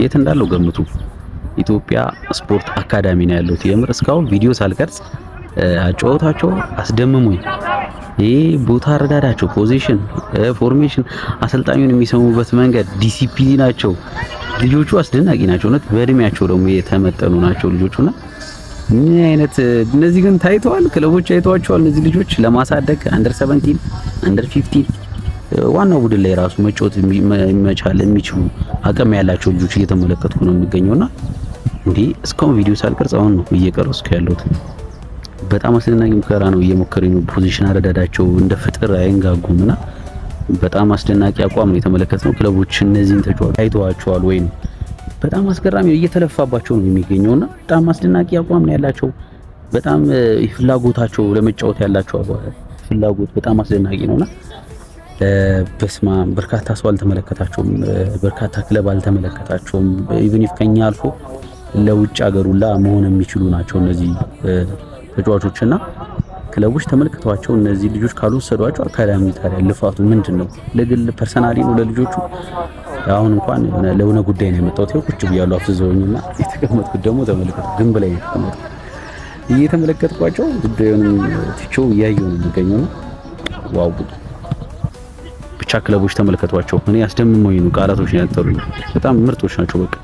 የት እንዳለው ገምቱ። ኢትዮጵያ ስፖርት አካዳሚ ነው ያለሁት። የምር እስካሁን ቪዲዮ ሳልቀርጽ አጫውታቸው አስደምሙኝ። ይሄ ቦታ አረዳዳቸው፣ ፖዚሽን፣ ፎርሜሽን፣ አሰልጣኙን የሚሰሙበት መንገድ፣ ዲሲፕሊናቸው ልጆቹ አስደናቂ ናቸው። እውነት በእድሜያቸው ደግሞ የተመጠኑ ናቸው ልጆቹና ምን አይነት እነዚህ ግን ታይተዋል፣ ክለቦች አይተዋቸዋል። እነዚህ ልጆች ለማሳደግ አንደር 17 አንደር 15 ዋናው ቡድን ላይ ራሱ መጫወት መቻል የሚችሉ አቅም ያላቸው ልጆች እየተመለከትኩ ነው የሚገኘውና እንዲህ እስካሁን ቪዲዮ ሳልቀርጽ አሁን ነው እየቀረጽኩ ያለሁት። በጣም አስደናቂ ሙከራ ነው እየሞከሩ ነው። ፖዚሽን አረዳዳቸው እንደ ፍጥር አይንጋጉምና በጣም አስደናቂ አቋም ነው የተመለከት ነው። ክለቦች እነዚህን ተጫዋቾች አይተዋቸዋል ወይም በጣም አስገራሚ እየተለፋባቸው ነው የሚገኘውና በጣም አስደናቂ አቋም ነው ያላቸው። በጣም ፍላጎታቸው ለመጫወት ያላቸው ፍላጎት በጣም አስደናቂ ነውና በስማ በርካታ ሰው አልተመለከታቸውም፣ በርካታ ክለብ አልተመለከታቸውም። ኢቭን ኢፍ ከኛ አልፎ ለውጭ አገሩላ መሆን የሚችሉ ናቸው እነዚህ ተጫዋቾችና ክለቦች ተመልክተዋቸው እነዚህ ልጆች ካልወሰዷቸው አካዳሚ ታዲያ ልፋቱ ምንድን ነው? ለግል ፐርሰናሊ ነው ለልጆቹ። አሁን እንኳን ለሆነ ጉዳይ ነው የመጣሁት ይኸው ቁጭ ብያለሁ አፍዝዘውኝና የተቀመጥኩት ደግሞ ተመልከቱ፣ ግንብ ላይ የተቀመጡ እየተመለከትኳቸው ጉዳዩንም ትቼው እያየሁ ነው የሚገኘው ነው ዋው ብቻ ክለቦች ተመልከቷቸው። እኔ አስደምመኝ ነው ቃላቶች ያጠሩኝ። በጣም ምርጦች ናቸው በቃ